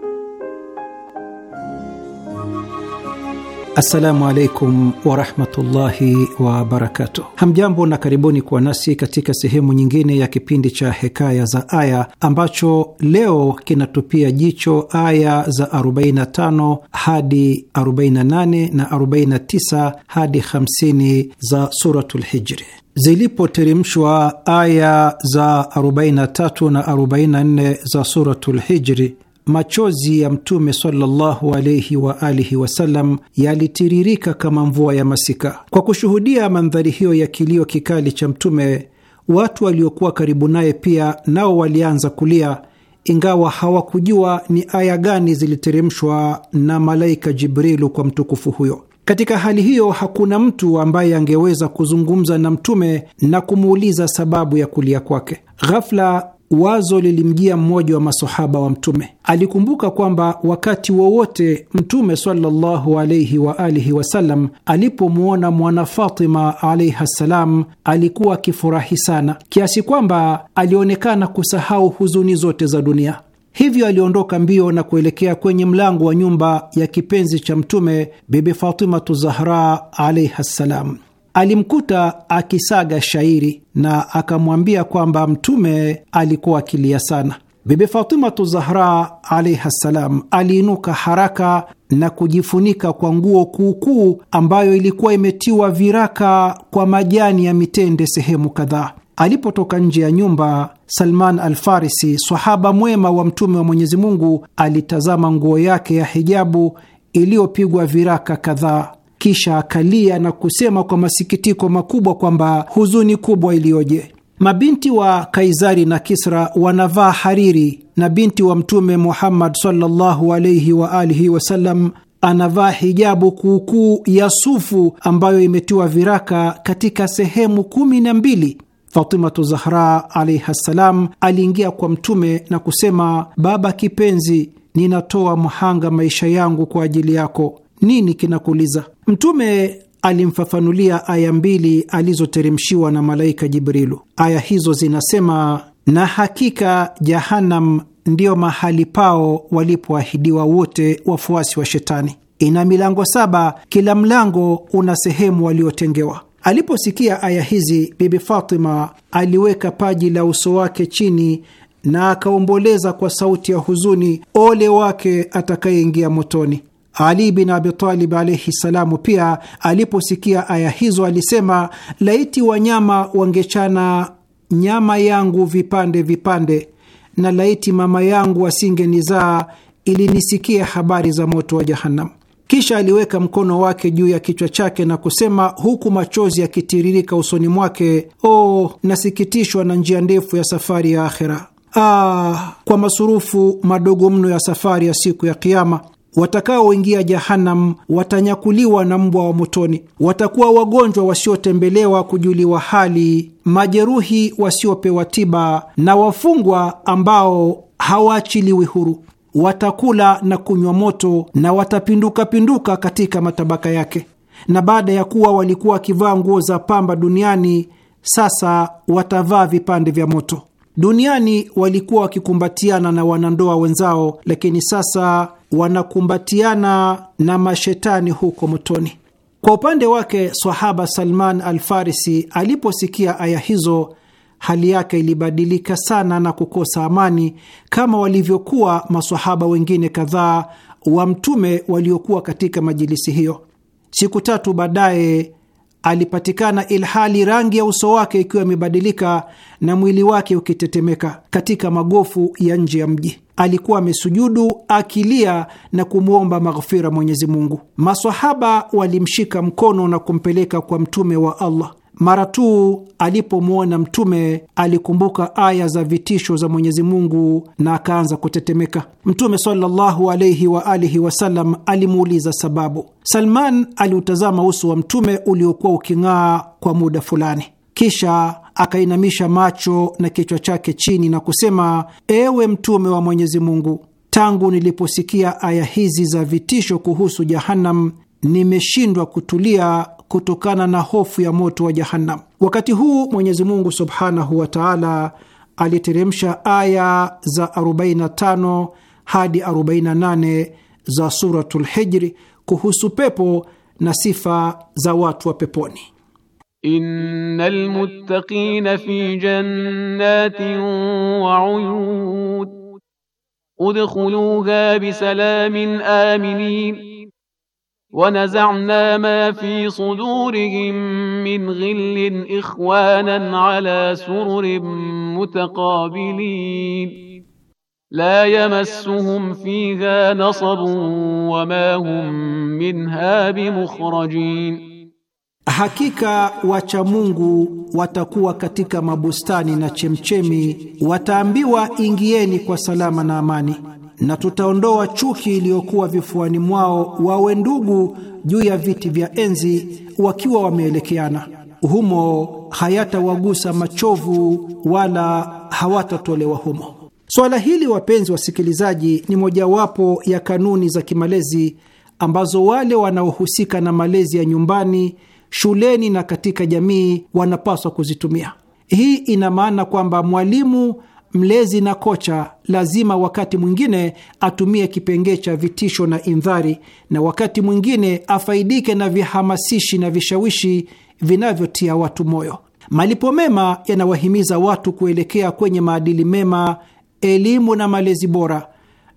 Assalamu alaikum warahmatullahi wabarakatuh. Hamjambo na karibuni kuwa nasi katika sehemu nyingine ya kipindi cha Hekaya za Aya ambacho leo kinatupia jicho aya za 45 hadi 48 na 49 hadi 50 za Suratul Hijri. Zilipoteremshwa aya za 43 na 44 za Suratul Hijri machozi ya Mtume sallallahu alaihi wa alihi wasallam yalitiririka kama mvua ya masika. Kwa kushuhudia mandhari hiyo ya kilio kikali cha Mtume, watu waliokuwa karibu naye pia nao walianza kulia, ingawa hawakujua ni aya gani ziliteremshwa na malaika Jibrilu kwa mtukufu huyo. Katika hali hiyo, hakuna mtu ambaye angeweza kuzungumza na Mtume na kumuuliza sababu ya kulia kwake. Ghafla wazo lilimjia mmoja wa masohaba wa Mtume. Alikumbuka kwamba wakati wowote Mtume sallallahu alaihi wa alihi wasallam alipomwona mwana Fatima alaihi ssalam alikuwa akifurahi sana kiasi kwamba alionekana kusahau huzuni zote za dunia. Hivyo aliondoka mbio na kuelekea kwenye mlango wa nyumba ya kipenzi cha Mtume, Bibi Fatimatu Zahra alaihi ssalam alimkuta akisaga shairi na akamwambia kwamba Mtume alikuwa akilia sana. Bibi Fatimatu Zahra alaihi ssalam aliinuka haraka na kujifunika kwa nguo kuukuu ambayo ilikuwa imetiwa viraka kwa majani ya mitende sehemu kadhaa. Alipotoka nje ya nyumba, Salman Alfarisi, swahaba mwema wa Mtume wa Mwenyezi Mungu, alitazama nguo yake ya hijabu iliyopigwa viraka kadhaa kisha akalia na kusema kwa masikitiko makubwa kwamba huzuni kubwa iliyoje! Mabinti wa Kaisari na Kisra wanavaa hariri na binti wa Mtume Muhammad sallallahu alaihi wa alihi wasallam anavaa hijabu kuukuu ya sufu ambayo imetiwa viraka katika sehemu kumi na mbili. Fatimatu Zahra alaihi ssalam aliingia kwa Mtume na kusema, baba kipenzi, ninatoa mhanga maisha yangu kwa ajili yako nini kinakuuliza? Mtume alimfafanulia aya mbili alizoteremshiwa na malaika Jibrilu. Aya hizo zinasema, na hakika Jahanam ndiyo mahali pao walipoahidiwa wote wafuasi wa Shetani, ina milango saba, kila mlango una sehemu waliotengewa. Aliposikia aya hizi, Bibi Fatima aliweka paji la uso wake chini na akaomboleza kwa sauti ya huzuni, ole wake atakayeingia motoni. Ali bin Abitalib alaihi salamu pia aliposikia aya hizo alisema, laiti wanyama wangechana nyama yangu vipande vipande, na laiti mama yangu asingenizaa ili nisikie habari za moto wa Jahannam. Kisha aliweka mkono wake juu ya kichwa chake na kusema huku machozi yakitiririka usoni mwake, oh, nasikitishwa na njia ndefu ya safari ya akhera. Ah, kwa masurufu madogo mno ya safari ya siku ya Kiama. Watakaoingia Jahanam watanyakuliwa na mbwa wa motoni. Watakuwa wagonjwa wasiotembelewa kujuliwa hali, majeruhi wasiopewa tiba, na wafungwa ambao hawaachiliwi huru. Watakula na kunywa moto na watapindukapinduka katika matabaka yake, na baada ya kuwa walikuwa wakivaa nguo za pamba duniani, sasa watavaa vipande vya moto. Duniani walikuwa wakikumbatiana na wanandoa wenzao, lakini sasa wanakumbatiana na mashetani huko motoni. Kwa upande wake, sahaba Salman Alfarisi aliposikia aya hizo hali yake ilibadilika sana na kukosa amani kama walivyokuwa masahaba wengine kadhaa wa Mtume waliokuwa katika majilisi hiyo. Siku tatu baadaye alipatikana ilhali rangi ya uso wake ikiwa imebadilika na mwili wake ukitetemeka katika magofu ya nje ya mji. Alikuwa amesujudu akilia na kumwomba maghfira Mwenyezi Mungu. Masahaba walimshika mkono na kumpeleka kwa Mtume wa Allah. Mara tu alipomwona Mtume alikumbuka aya za vitisho za Mwenyezi Mungu na akaanza kutetemeka. Mtume sallallahu alaihi wa alihi wasallam alimuuliza sababu. Salman aliutazama uso wa Mtume uliokuwa uking'aa kwa muda fulani, kisha akainamisha macho na kichwa chake chini na kusema, ewe Mtume wa Mwenyezi Mungu, tangu niliposikia aya hizi za vitisho kuhusu Jahannam nimeshindwa kutulia kutokana na hofu ya moto wa Jahannam. Wakati huu Mwenyezi Mungu subhanahu wa taala aliteremsha aya za 45 hadi 48 za surat lhijri kuhusu pepo na sifa za watu wa peponi. fi jannatin wa uyun udkhuluha bisalamin aminin ونزعنا ما في صدورهم من غل إخوانا على سرر متقابلين لا يمسهم فيها نصب وما هم منها بمخرجين Hakika wacha Mungu watakuwa katika mabustani na chemchemi, wataambiwa ingieni kwa salama na amani na tutaondoa chuki iliyokuwa vifuani mwao, wawe ndugu juu ya viti vya enzi wakiwa wameelekeana. Humo hayatawagusa machovu wala hawatatolewa humo. Swala hili, wapenzi wasikilizaji, ni mojawapo ya kanuni za kimalezi ambazo wale wanaohusika na malezi ya nyumbani, shuleni na katika jamii wanapaswa kuzitumia. Hii ina maana kwamba mwalimu mlezi na kocha lazima wakati mwingine atumie kipengee cha vitisho na indhari, na wakati mwingine afaidike na vihamasishi na vishawishi vinavyotia watu moyo. Malipo mema yanawahimiza watu kuelekea kwenye maadili mema, elimu na malezi bora,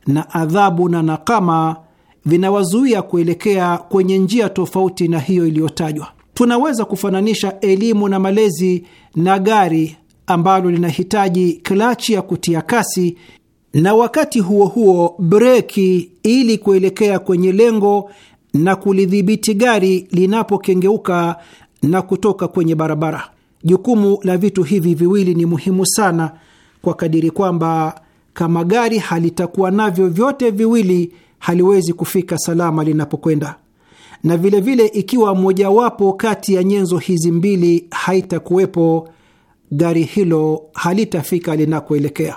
na adhabu na nakama vinawazuia kuelekea kwenye njia tofauti na hiyo iliyotajwa. Tunaweza kufananisha elimu na malezi na gari ambalo linahitaji klachi ya kutia kasi na wakati huo huo breki ili kuelekea kwenye lengo na kulidhibiti gari linapokengeuka na kutoka kwenye barabara. Jukumu la vitu hivi viwili ni muhimu sana kwa kadiri kwamba kama gari halitakuwa navyo vyote viwili, haliwezi kufika salama linapokwenda, na vilevile vile, ikiwa mojawapo kati ya nyenzo hizi mbili haitakuwepo gari hilo halitafika linakoelekea.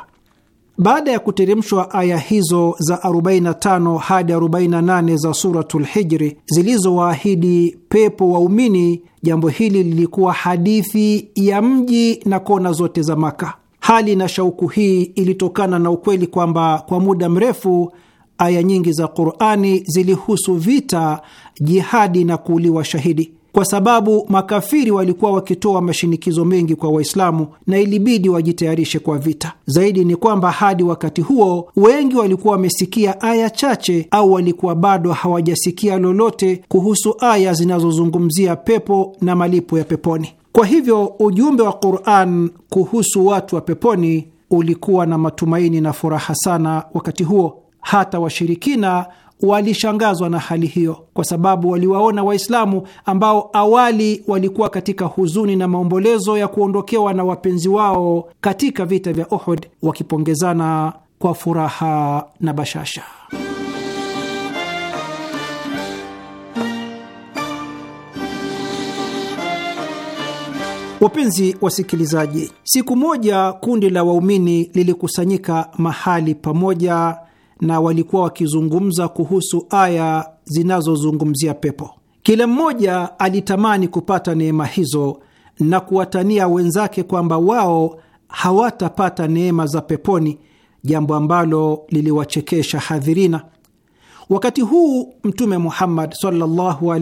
Baada ya kuteremshwa aya hizo za 45 hadi 48 za Suratul Hijri zilizowaahidi pepo waumini, jambo hili lilikuwa hadithi ya mji na kona zote za Maka. Hali na shauku hii ilitokana na ukweli kwamba kwa muda mrefu aya nyingi za Qurani zilihusu vita, jihadi na kuuliwa shahidi kwa sababu makafiri walikuwa wakitoa mashinikizo mengi kwa Waislamu na ilibidi wajitayarishe kwa vita. Zaidi ni kwamba hadi wakati huo wengi walikuwa wamesikia aya chache au walikuwa bado hawajasikia lolote kuhusu aya zinazozungumzia pepo na malipo ya peponi. Kwa hivyo ujumbe wa Quran kuhusu watu wa peponi ulikuwa na matumaini na furaha sana wakati huo. Hata washirikina walishangazwa na hali hiyo, kwa sababu waliwaona Waislamu ambao awali walikuwa katika huzuni na maombolezo ya kuondokewa na wapenzi wao katika vita vya Uhud wakipongezana kwa furaha na bashasha. Wapenzi wasikilizaji, siku moja kundi la waumini lilikusanyika mahali pamoja na walikuwa wakizungumza kuhusu aya zinazozungumzia pepo. Kila mmoja alitamani kupata neema hizo na kuwatania wenzake kwamba wao hawatapata neema za peponi, jambo ambalo liliwachekesha hadhirina. Wakati huu Mtume Muhammad sallallahu wa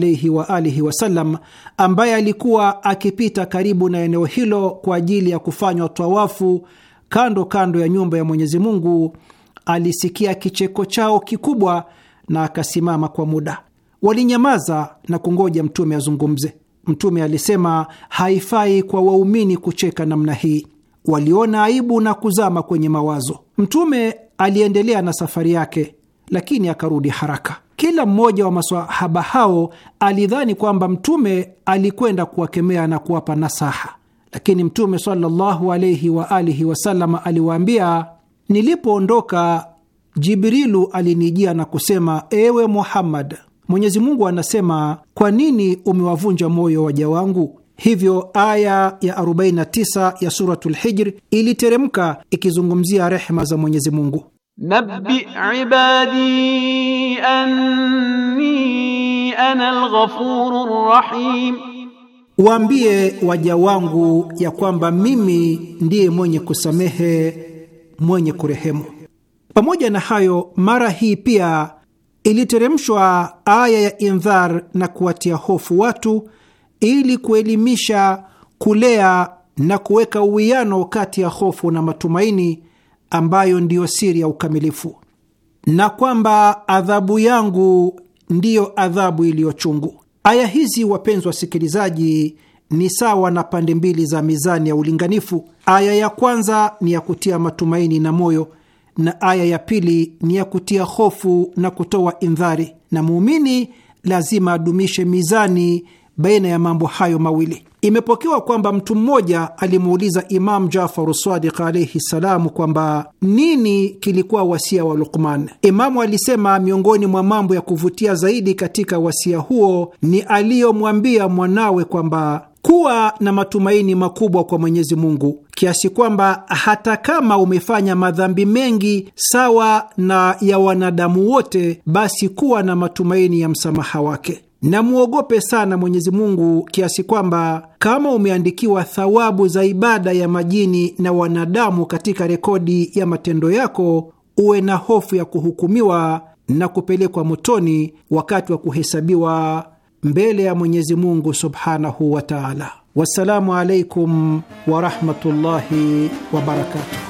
alihi wasallam, ambaye alikuwa akipita karibu na eneo hilo kwa ajili ya kufanywa tawafu kando kando ya nyumba ya Mwenyezi Mungu, alisikia kicheko chao kikubwa na akasimama kwa muda. Walinyamaza na kungoja mtume azungumze. Mtume alisema, haifai kwa waumini kucheka namna hii. Waliona aibu na kuzama kwenye mawazo. Mtume aliendelea na safari yake, lakini akarudi haraka. Kila mmoja wa masahaba hao alidhani kwamba mtume alikwenda kuwakemea na kuwapa nasaha, lakini mtume sallallahu alaihi waalihi wasalama aliwaambia Nilipoondoka, Jibrilu alinijia na kusema, ewe Muhammad, Mwenyezi Mungu anasema, kwa nini umewavunja moyo waja wangu? Hivyo aya ya 49 ya Suratul Hijr iliteremka ikizungumzia rehma za Mwenyezi Mungu. Nabbi ibadi anni ana rahim, waambie waja wangu ya kwamba mimi ndiye mwenye kusamehe mwenye kurehemu. Pamoja na hayo, mara hii pia iliteremshwa aya ya indhar na kuwatia hofu watu ili kuelimisha, kulea na kuweka uwiano kati ya hofu na matumaini ambayo ndiyo siri ya ukamilifu, na kwamba adhabu yangu ndiyo adhabu iliyo chungu. Aya hizi, wapenzi wasikilizaji, ni sawa na pande mbili za mizani ya ulinganifu. Aya ya kwanza ni ya kutia matumaini na moyo, na aya ya pili ni ya kutia hofu na kutoa indhari, na muumini lazima adumishe mizani baina ya mambo hayo mawili. Imepokewa kwamba mtu mmoja alimuuliza Imamu Jafaru Sadiq alaihi salamu kwamba nini kilikuwa wasia wa Lukman. Imamu alisema miongoni mwa mambo ya kuvutia zaidi katika wasia huo ni aliyomwambia mwanawe kwamba kuwa na matumaini makubwa kwa Mwenyezi Mungu kiasi kwamba hata kama umefanya madhambi mengi sawa na ya wanadamu wote, basi kuwa na matumaini ya msamaha wake namuogope sana Mwenyezi Mungu kiasi kwamba kama umeandikiwa thawabu za ibada ya majini na wanadamu katika rekodi ya matendo yako, uwe na hofu ya kuhukumiwa na kupelekwa motoni wakati wa kuhesabiwa mbele ya Mwenyezi Mungu subhanahu wa taala. Wassalamu alaikum warahmatullahi wabarakatuh.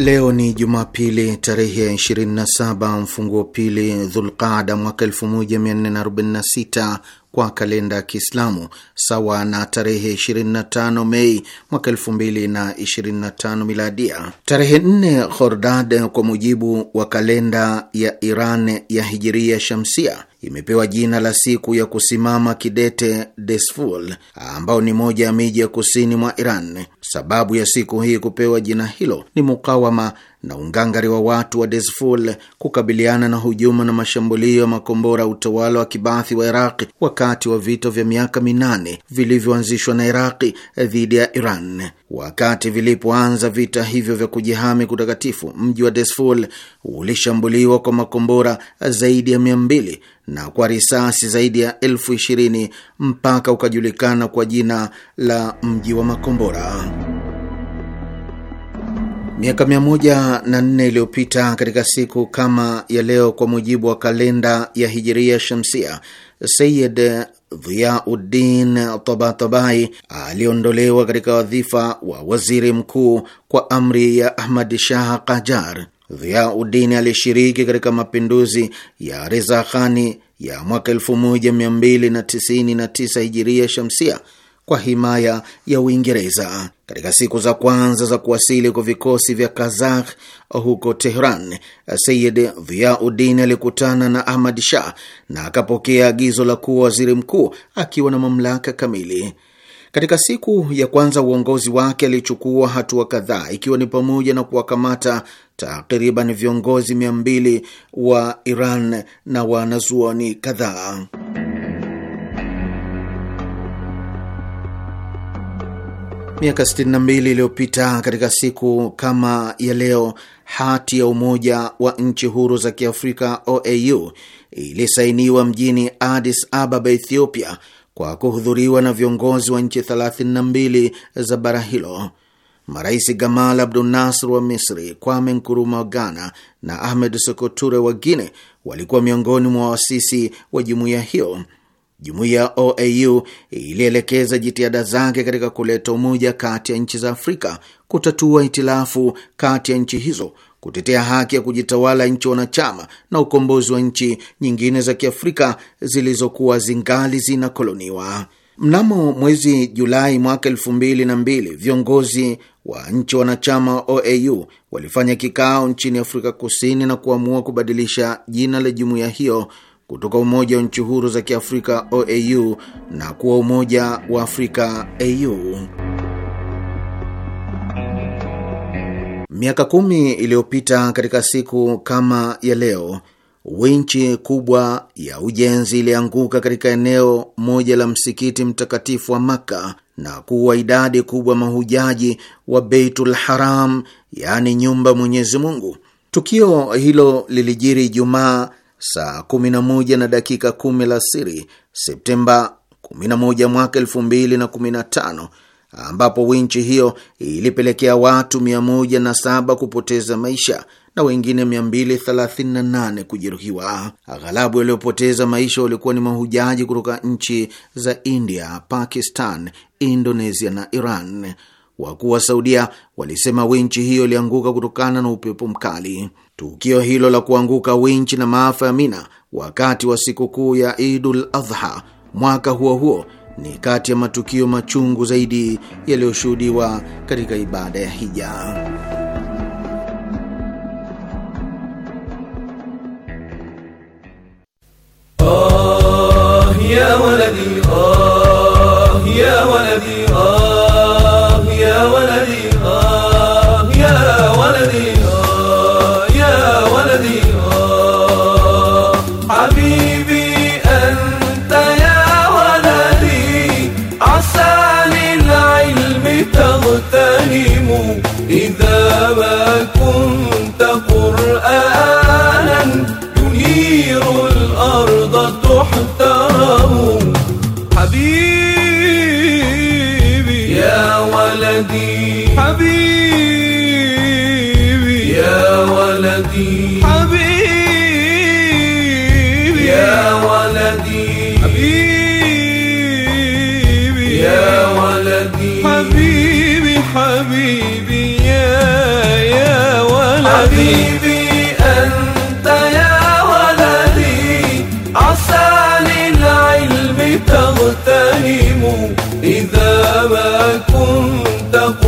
Leo ni Jumapili tarehe ya 27 mfunguo pili Dhulqada mwaka 1446 kwa kalenda ya Kiislamu, sawa na tarehe 25 Mei mwaka 2025 miladia. Tarehe nne Khordad kwa mujibu wa kalenda ya Iran ya hijiria shamsia imepewa jina la siku ya kusimama kidete Desful, ambao ni moja ya miji ya kusini mwa Iran. Sababu ya siku hii kupewa jina hilo ni mukawama na ungangari wa watu wa Desful kukabiliana na hujuma na mashambulio ya makombora ya utawala wa kibathi wa Iraqi wakati wa vita vya miaka minane vilivyoanzishwa na Iraqi dhidi ya Iran. Wakati vilipoanza vita hivyo vya kujihami kutakatifu, mji wa Desful ulishambuliwa kwa makombora zaidi ya mia mbili na kwa risasi zaidi ya elfu ishirini mpaka ukajulikana kwa jina la mji wa makombora. Miaka mia moja na nne iliyopita katika siku kama ya leo, kwa mujibu wa kalenda ya hijiria shamsia, Sayid Dhiauddin Tabatabai aliondolewa katika wadhifa wa waziri mkuu kwa amri ya Ahmad Shah kajar Dhiauddin alishiriki katika mapinduzi ya Reza Khani ya mwaka 1299 hijiria shamsia kwa himaya ya Uingereza. Katika siku za kwanza za kuwasili kwa vikosi vya Kazakh huko Tehran, Sayid Viauddin alikutana na Ahmad Shah na akapokea agizo la kuwa waziri mkuu akiwa na mamlaka kamili. Katika siku ya kwanza uongozi wake alichukua hatua kadhaa, ikiwa ni pamoja na kuwakamata takriban viongozi mia mbili wa Iran na wanazuoni kadhaa. Miaka 62 iliyopita katika siku kama ya leo, hati ya Umoja wa Nchi Huru za Kiafrika OAU ilisainiwa mjini Addis Ababa, Ethiopia, kwa kuhudhuriwa na viongozi wa nchi 32 za bara hilo. Marais Gamal abdu Nasr wa Misri, Kwame Nkuruma wa Ghana na Ahmed Sekoture wa Guine walikuwa miongoni mwa waasisi wa jumuiya hiyo Jumuiya ya OAU ilielekeza jitihada zake katika kuleta umoja kati ya nchi za Afrika, kutatua hitilafu kati ya nchi hizo, kutetea haki ya kujitawala nchi wanachama na ukombozi wa nchi nyingine za Kiafrika zilizokuwa zingali zinakoloniwa. Mnamo mwezi Julai mwaka elfu mbili na mbili viongozi wa nchi wanachama wa OAU walifanya kikao nchini Afrika Kusini na kuamua kubadilisha jina la jumuiya hiyo kutoka Umoja wa Nchi Huru za Kiafrika OAU na kuwa Umoja wa Afrika AU. Miaka kumi iliyopita katika siku kama ya leo, winchi kubwa ya ujenzi ilianguka katika eneo moja la msikiti mtakatifu wa Makka na kuwa idadi kubwa mahujaji wa Beitul Haram, yaani nyumba Mwenyezi Mungu. Tukio hilo lilijiri Ijumaa saa 11 na dakika 10 la siri Septemba 11 mwaka 2015 ambapo winchi hiyo ilipelekea watu 107 kupoteza maisha na wengine 238 kujeruhiwa. Aghalabu waliopoteza maisha walikuwa ni mahujaji kutoka nchi za India, Pakistan, Indonesia na Iran. Wakuu wa Saudia walisema winchi hiyo ilianguka kutokana na upepo mkali. Tukio hilo la kuanguka winchi na maafa ya Mina wakati wa sikukuu ya Idul Adha mwaka huo huo ni kati ya matukio machungu zaidi yaliyoshuhudiwa katika ibada ya hija. Oh, ya waladi, oh, ya waladi, oh, ya waladi. Oh. إذا ما كنت قرآنا ينير الأرض تحترم حبيبي يا ولدي حبيبي يا ولدي حبيبي يا ولدي حبيبي يا ولدي حبيبي حبيبي حبيبي أنت يا ولدي عسى للعلم تغتنم إذا ما كنت قلت